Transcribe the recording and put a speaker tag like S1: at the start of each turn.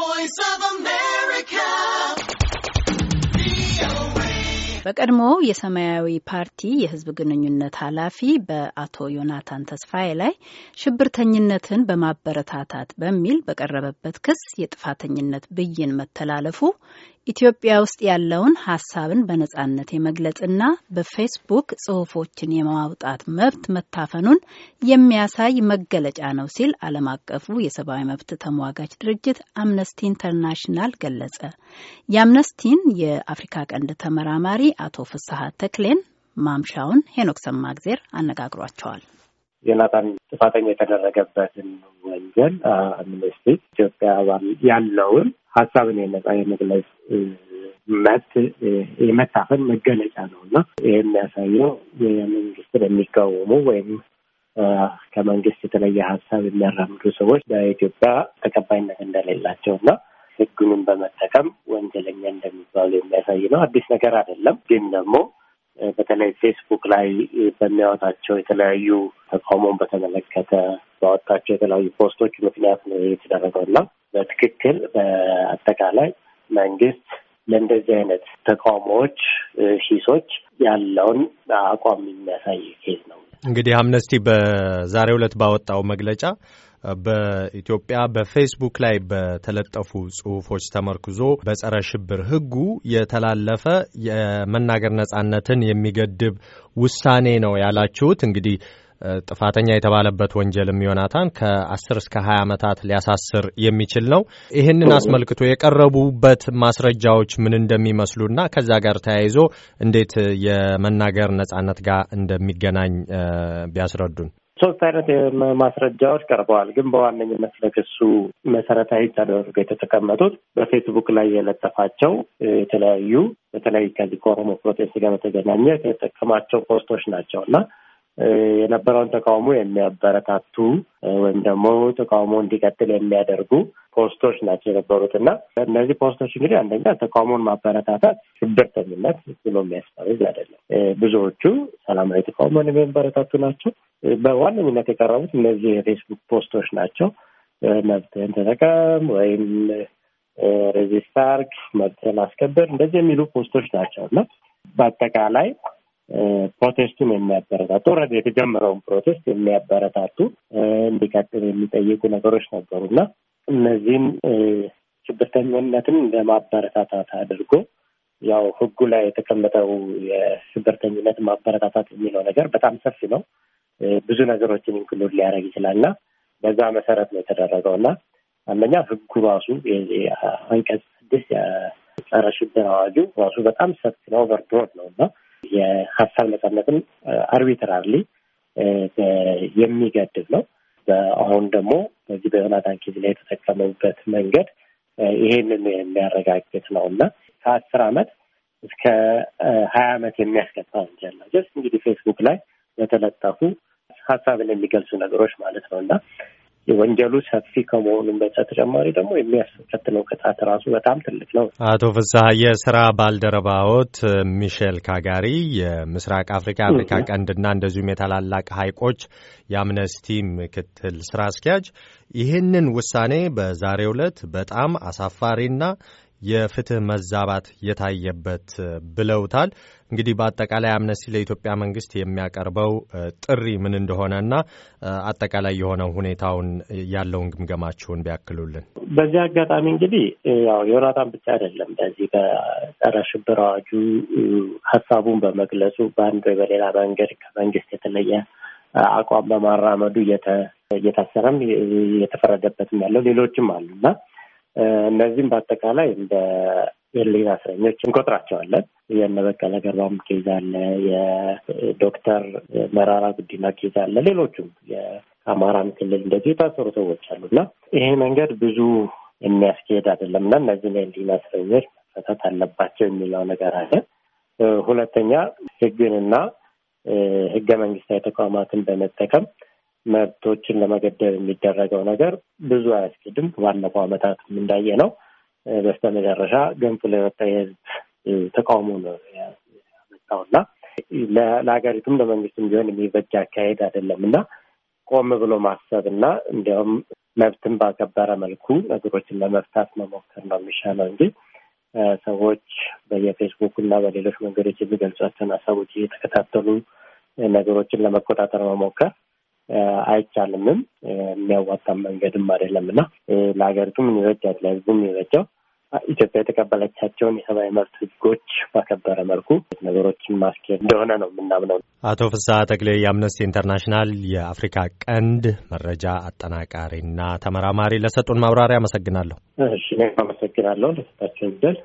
S1: voice of a man.
S2: በቀድሞ የሰማያዊ ፓርቲ የህዝብ ግንኙነት ኃላፊ በአቶ ዮናታን ተስፋዬ ላይ ሽብርተኝነትን በማበረታታት በሚል በቀረበበት ክስ የጥፋተኝነት ብይን መተላለፉ ኢትዮጵያ ውስጥ ያለውን ሀሳብን በነጻነት የመግለጽና በፌስቡክ ጽሁፎችን የማውጣት መብት መታፈኑን የሚያሳይ መገለጫ ነው ሲል ዓለም አቀፉ የሰብአዊ መብት ተሟጋች ድርጅት አምነስቲ ኢንተርናሽናል ገለጸ። የአምነስቲን የአፍሪካ ቀንድ ተመራማሪ አቶ ፍስሐ ተክሌን ማምሻውን ሄኖክ ሰማእግዜር አነጋግሯቸዋል። ዮናታን ጥፋተኛ የተደረገበትን ወንጀል አምነስቲ ኢትዮጵያ ያለውን ሀሳብን የነጻ የመግለጽ መብት የመታፈን መገለጫ ነው እና ይህ የሚያሳየው የመንግስትን የሚቃወሙ ወይም ከመንግስት የተለየ ሀሳብ የሚያራምዱ ሰዎች በኢትዮጵያ ተቀባይነት እንደሌላቸው እና ህጉንም በመጠቀም ወንጀለኛ እንደሚባሉ የሚያሳይ ነው። አዲስ ነገር አይደለም። ግን ደግሞ በተለይ ፌስቡክ ላይ በሚያወጣቸው የተለያዩ ተቃውሞን በተመለከተ ባወጣቸው የተለያዩ ፖስቶች ምክንያት ነው የተደረገው እና በትክክል በአጠቃላይ መንግስት ለእንደዚህ አይነት ተቃውሞዎች፣ ሂሶች ያለውን አቋም የሚያሳይ ኬዝ ነው።
S1: እንግዲህ አምነስቲ በዛሬው ዕለት ባወጣው መግለጫ በኢትዮጵያ በፌስቡክ ላይ በተለጠፉ ጽሁፎች ተመርክዞ በጸረ ሽብር ህጉ የተላለፈ የመናገር ነጻነትን የሚገድብ ውሳኔ ነው ያላችሁት እንግዲህ ጥፋተኛ የተባለበት ወንጀልም ዮናታን ከ10 እስከ 20 ዓመታት ሊያሳስር የሚችል ነው። ይህንን አስመልክቶ የቀረቡበት ማስረጃዎች ምን እንደሚመስሉና ከዛ ጋር ተያይዞ እንዴት የመናገር ነጻነት ጋር እንደሚገናኝ ቢያስረዱን።
S2: ሶስት አይነት ማስረጃዎች ቀርበዋል። ግን በዋነኝነት ለክሱ መሰረታዊ ተደርገው የተቀመጡት በፌስቡክ ላይ የለጠፋቸው የተለያዩ በተለይ ከዚህ ከኦሮሞ ፕሮቴስት ጋር በተገናኘ የተጠቀማቸው ፖስቶች ናቸው እና የነበረውን ተቃውሞ የሚያበረታቱ ወይም ደግሞ ተቃውሞ እንዲቀጥል የሚያደርጉ ፖስቶች ናቸው የነበሩት እና እነዚህ ፖስቶች እንግዲህ አንደኛ ተቃውሞን ማበረታታት ሽብርተኝነት ብሎ የሚያስፈርጅ አይደለም። ብዙዎቹ ሰላማዊ ተቃውሞን የሚያበረታቱ ናቸው። በዋነኝነት የቀረቡት እነዚህ የፌስቡክ ፖስቶች ናቸው። መብትህን ተጠቀም ወይም ሬዚስት አድርግ፣ መብትህን አስከብር እንደዚህ የሚሉ ፖስቶች ናቸው እና በአጠቃላይ ፕሮቴስቱን የሚያበረታቱ ረ የተጀመረውን ፕሮቴስት የሚያበረታቱ እንዲቀጥል የሚጠይቁ ነገሮች ነበሩ እና እነዚህም ሽብርተኝነትን ለማበረታታት አድርጎ ያው ህጉ ላይ የተቀመጠው የሽብርተኝነት ማበረታታት የሚለው ነገር በጣም ሰፊ ነው። ብዙ ነገሮችን ኢንክሉድ ሊያደርግ ይችላል እና በዛ መሰረት ነው የተደረገው እና አንደኛ ህጉ ራሱ አንቀጽ ስድስት ጸረ ሽብር አዋጁ ራሱ በጣም ሰፊ ነው፣ ኦቨርብሮድ ነው እና የሀሳብ ነጻነትን አርቢትራርሊ የሚገድብ ነው። አሁን ደግሞ በዚህ በዮናታን ኪዝ ላይ የተጠቀሙበት መንገድ ይሄንን የሚያረጋግጥ ነው እና ከአስር አመት እስከ ሀያ አመት የሚያስቀጣ ወንጀል ነው። ጀስት እንግዲህ ፌስቡክ ላይ በተለጠፉ ሀሳብን የሚገልጹ ነገሮች ማለት ነው እና ወንጀሉ ሰፊ ከመሆኑም በተጨማሪ ደግሞ የሚያስከትለው ቅጣት ራሱ በጣም ትልቅ ነው።
S1: አቶ ፍስሀ የስራ ባልደረባዎት ሚሼል ካጋሪ የምስራቅ አፍሪካ አፍሪካ ቀንድና እንደዚሁም የታላላቅ ሀይቆች የአምነስቲ ምክትል ስራ አስኪያጅ ይህንን ውሳኔ በዛሬው ዕለት በጣም አሳፋሪና የፍትህ መዛባት የታየበት ብለውታል። እንግዲህ በአጠቃላይ አምነስቲ ለኢትዮጵያ መንግስት የሚያቀርበው ጥሪ ምን እንደሆነና አጠቃላይ የሆነ ሁኔታውን ያለውን ግምገማችሁን ቢያክሉልን።
S2: በዚህ አጋጣሚ እንግዲህ ያው ዮናታን ብቻ አይደለም በዚህ በጸረ ሽብር አዋጁ ሀሳቡን በመግለጹ በአንድ ወይ በሌላ መንገድ ከመንግስት የተለየ አቋም በማራመዱ እየታሰረም እየተፈረደበትም ያለው ሌሎችም አሉና እነዚህም በአጠቃላይ እንደ የህሊና እስረኞች እንቆጥራቸዋለን። የእነ በቀለ ገርባም ኬዝ አለ፣ የዶክተር መራራ ጉዲና ኬዝ አለ፣ ሌሎቹም የአማራም ክልል እንደዚህ የታሰሩ ሰዎች አሉና ይሄ መንገድ ብዙ የሚያስኬሄድ አይደለም እና እነዚህን የህሊና እስረኞች መፈታት አለባቸው የሚለው ነገር አለ። ሁለተኛ ህግንና ህገ መንግስታዊ ተቋማትን በመጠቀም መብቶችን ለመገደብ የሚደረገው ነገር ብዙ አያስኬድም። ባለፈው ዓመታት እንዳየ ነው። በስተመጨረሻ ገንፍ የወጣ የህዝብ ተቃውሞ ነው ያመጣው እና ለሀገሪቱም ለመንግስትም ቢሆን የሚበጅ አካሄድ አይደለም እና ቆም ብሎ ማሰብ እና እንዲያውም መብትን ባከበረ መልኩ ነገሮችን ለመፍታት መሞከር ነው የሚሻለው እንጂ ሰዎች በየፌስቡክ እና በሌሎች መንገዶች የሚገልጿቸውን ሀሳቦች እየተከታተሉ ነገሮችን ለመቆጣጠር መሞከር አይቻልምም የሚያዋጣም መንገድም አይደለም እና ለሀገሪቱ ምን ይበጃል፣ ለህዝቡ ምን ይበጃው ኢትዮጵያ የተቀበለቻቸውን የሰብአዊ መብት ህጎች ባከበረ መልኩ ነገሮችን ማስኬድ እንደሆነ ነው የምናምነው።
S1: አቶ ፍስሐ ተክሌ የአምነስቲ ኢንተርናሽናል የአፍሪካ ቀንድ መረጃ አጠናቃሪና ተመራማሪ ለሰጡን ማብራሪያ አመሰግናለሁ።
S2: እሺ፣ እኔም አመሰግናለሁ ለሰጣቸው ይደል